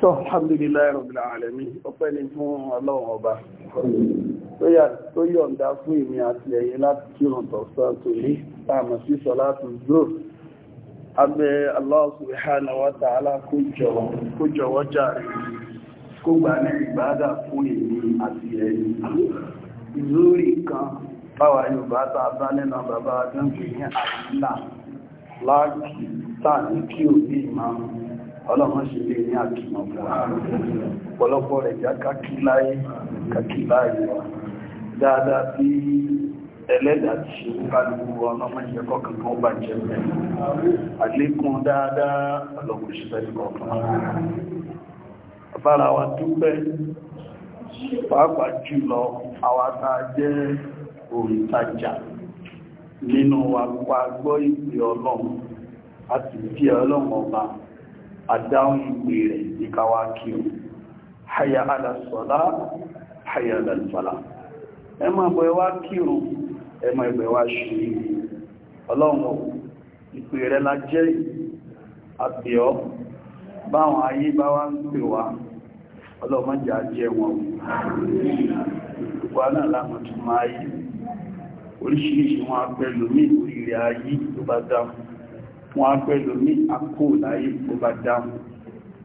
tó alhamdulillah rabbil alamin ọpẹ́ ni fún ọlọ́run ọba tó yọ̀ǹda fún èmi àti ẹ̀yin láti kírun tọ̀sán tó ní táàmù sí sọ́látù zoro abẹ́ Allah subhanahu wa ta'ala kó jọ̀wọ́ jàre kó gbà ní ìbádà fún èmi àti ẹ̀yin ìlúrí kan báwa Yorùbá ọlọ́run ṣe lè ní àkìmọ̀ fún ọ̀pọ̀lọpọ̀ rẹ̀ já kákíláyé kákíláyé wa dáadáa bí ẹlẹ́dàá ti ṣe kálukú ọlọ́mọ jẹ́ kọ̀ọ̀kan kan bá jẹ́ mẹ́rin àlékún dáadáa ọlọ́run ṣe fẹ́ kọ̀ọ̀kan bára wa dúpẹ́ pàápàá jùlọ àwátá jẹ́ òǹtajà nínú àpá gbọ́ ìpè ọlọ́run àti ìpè ọlọ́run ọba àdáhùn ìpè rẹ̀ wa kí o haya alasọ́lá haya alalfàlá ẹ máa bọ̀ ẹwà kírun ẹ máa wá ṣe ọlọ́run ìpè rẹ̀ la jẹ́ àbíọ́ báwọn ayé bá wá ń pè wá ọlọ́mọjà jẹ́ wọn ìgbà náà tó máa wọn apẹ́lú ayé tó bá dáhùn wọ́n á pẹ̀lú ní àkó láyé bó bá dáhùn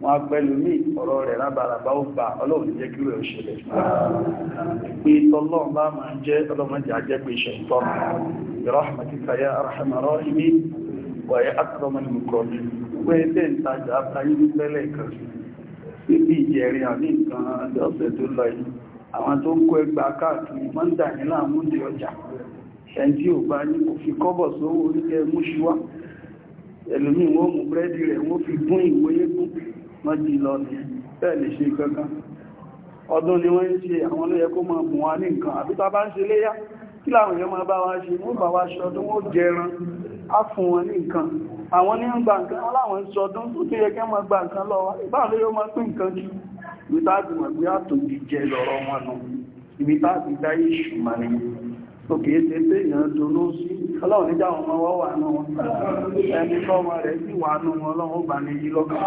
wọ́n á pẹ̀lú ní ọ̀rọ̀ rẹ̀ rábàràbá ó bá ọlọ́run jẹ́ kí rẹ̀ ṣẹlẹ̀ pé tọ́lọ́run bá máa jẹ́ ọlọ́run jẹ́ ajẹ́ pé ṣe rahmatika ya arhamar rahimin wa ya akramal mukramin wọ́n ẹgbẹ́ ìtajà abáyé ní pẹ́lẹ̀ kan níbi ìjẹrin àbí nǹkan lọ́sẹ̀ tó lọ yìí àwọn tó ń kó ẹgbà ẹlòmí wọn mú rẹ̀ wọ́n fi gún ìwé eégún lọ ní bẹ́ẹ̀ lè ṣe kankan ọdún ni wọ́n ń ṣe àwọn ló kó máa bùn wá ní nǹkan àbí bá ń ṣe léyá kí láwọn èèyàn máa bá wá ṣe wọ́n bá wá wọ́n jẹran á fún wọn ní nǹkan àwọn ní wọn láwọn ń tó tó yẹ kí wọ́n gba nǹkan lọ wá ìbá ló yóò a ti mọ̀ a ti tó kìí ṣe pé èèyàn dúró sí ọlọ́run níjà ọmọ wọ́n wà nù wọn ẹni lọ́wọ́ rẹ̀ sì wà nù wọn ọlọ́run bá ní yí àwọn bẹ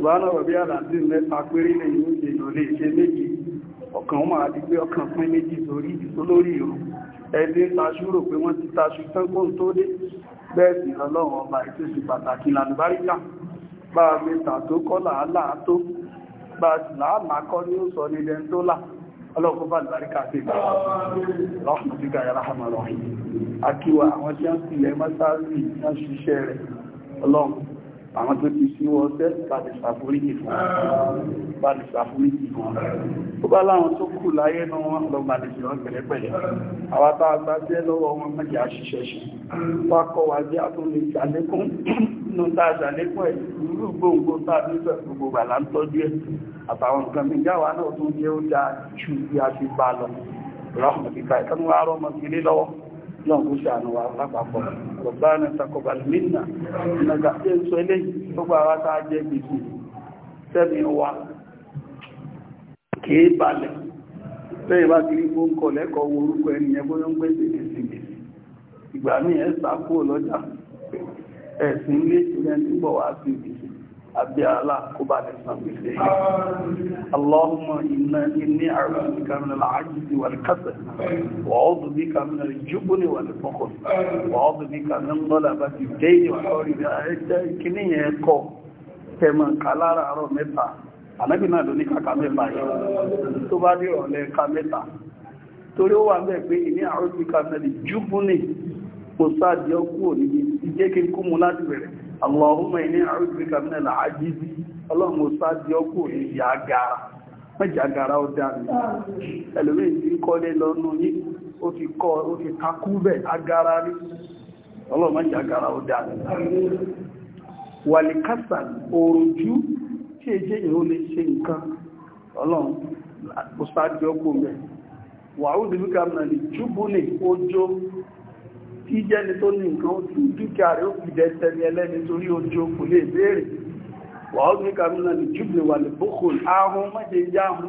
ọlọ́run àlàdé mẹ́ta péré lẹ́yìn oúnjẹ ìrọ̀lẹ́ ìṣe méjì ọkàn wọn àti pé ọkàn pín méjì sórí ìdí ìrùn ẹni taṣú rò pé wọ́n ti taṣú tán tó dé bẹ́ẹ̀sì ọlọ́run ọba ìtòsí pàtàkì lànàbáríkà bá a mẹ́ta tó kọ́ làálàá tó bá a sì láàmà kọ́ ní ó sọ ní dẹ́ntóla ọlọ́run bá làbáríkà àwọn tó ti síwọ́ ọ̀sẹ́ láti ṣàforíjì fún láti ṣàforíjì fún tó bá láwọn tó kù láyé náà wọ́n lọ gbàdìsì wọn pẹ̀lẹ́pẹ̀lẹ́ àwọn tá a gbájẹ́ lọ́wọ́ wọn mẹ́jì àṣìṣẹ́ ṣe wá kọ́ wa jẹ́ àtúnlé ìṣàlékún nínú tá a ṣàlékún ẹ̀ irú gbòǹgbò tá a nífẹ̀ẹ́ gbogbo bàlá ń tọ́jú ẹ̀ àtàwọn nǹkan mi jáwa náà tún jẹ́ ó dáa ju bí a ti bá lọ rahmatika náà kú ṣàánú wa lápapọ̀ Rabbana taqabbal minna nígbà tí ń sọ eléyìí gbogbo àwa tá a jẹ́ gbèsè sẹ́mi wa kìí balẹ̀ lẹ́yìn bá kiri fún kọ lẹ́kọ̀ọ́ wo orúkọ ẹni yẹn bóyá ń gbé gbèsè ìgbà míì ẹ̀ sá ẹ̀sìn ilé ìṣúná ń sí ibi àbí àlá kó bá ní sàmìsẹ̀ Allahumma inna inni a'udhu min al-'ajzi wal-kasal wa a'udhu bika min al-jubni wal-bukhl wa a'udhu bika min ghalabati ad-dayn wa hawli ẹ̀ẹ́dẹ́ kìíní yẹn kọ́ tẹ̀mọ̀ kàlára àárọ̀ mẹ́ta ànábì náà ló ní kàkà mẹ́ta yẹn tó bá dé ọ̀lẹ́ Allahumma inni a'udhuka min al-'ajz ọlọ́run ó sáájú ọkù ìyà agara mẹ́jì agara ó dá mi ẹlòmí ti ń kọ́lé lọ́nu yí ti kọ́ ó ti takú bẹ̀ agara rí ọlọ́run mẹ́jì agara ó dá mi wàlìkásà òrùjú tí èjé ìhó kí jẹ́ni tó ní nǹkan oṣù dúkìá rẹ̀ ó fi dẹ tẹni ẹlẹ́ni torí ojú kò lè béèrè wà ó ní kàmínà ní jùlọ wà ní bókò ahun mọ́jẹ ń jáhun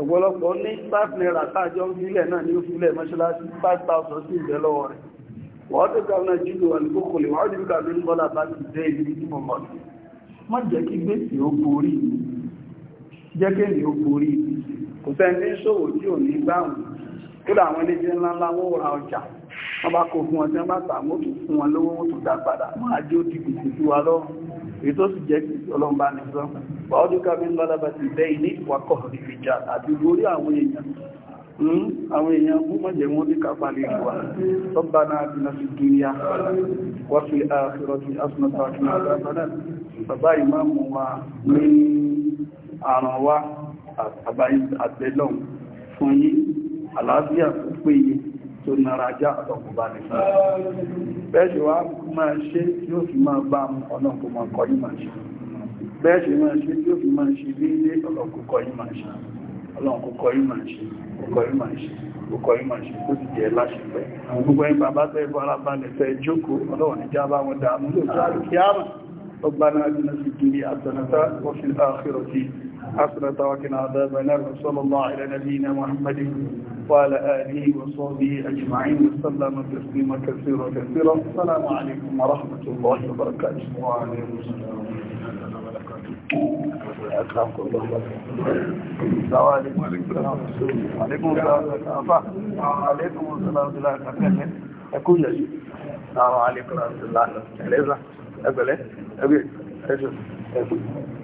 ọ̀pọ̀lọpọ̀ ní five naira tájọ́ ń filẹ̀ náà ní ó filẹ̀ mọ́ṣáláṣí five thousand sí ìbẹ̀ lọ́wọ́ rẹ̀ wà ó ní kàmínà jùlọ wọ́n bá kó fún ọjọ́ bá tààmú tó fún wọn lówó wọ́n tó dápadà wọ́n á jẹ́ ó di gbèsè sí wa lọ́rùn èyí tó sì jẹ́ ọlọ́mbà ní sọ bọ́ọ̀dún kábí ń lọ́lábà ti bẹ́ ilé ìwakọ̀ ìfìjà àti lórí àwọn èèyàn hmm? àwọn èèyàn mú mọ́jẹ̀ wọn ní kápálẹ̀ ìwà tọ́bà náà ti náà fi dúnyà wọ́n fi àfihàn ti asùnàtà àti àgbàdà bàbá ìmáàmù wa ní àrùn wa àbáyé àtẹ́lọ́n fún yí àlàáfíà tó péye tó nara já ọ̀pọ̀ bá ní fún bẹ́ẹ̀ṣẹ̀ wá máa ṣe tí ó fi máa bá ọ̀nà kò máa kọ́ yìí máa ṣe bẹ́ẹ̀ṣẹ̀ máa ṣe tí ó fi máa ṣe déédé ọlọ́kọ̀ọ́kọ́ yìí máa ṣe ọlọ́kọ̀ọ́kọ́ yìí máa ṣe ọkọ̀ yìí máa ṣe ọkọ̀ yìí máa ṣe tó ti jẹ́ láṣepẹ́ gbogbo ẹ̀ bàbá tẹ́ bọ́ra balẹ̀ fẹ́ jókòó ọlọ́wọ̀n níjà bá wọn dààmú lóòótọ́ àrùn kíámà ọgbà náà dínà sí kiri àtọ̀nàtà wọ́n fi láàkírọ̀ sí حسنة وكنا عذاب النار وصلى الله على نبينا محمد وعلى آله وصحبه أجمعين وسلم تسليما كثيرا كثيرا السلام عليكم ورحمة الله وبركاته وعليكم السلام السلام الله السلام عليكم وعليكم السلام وعليكم السلام ورحمة السلام لي السلام عليكم ورحمة الله العزة أبلي أبي أجل أجل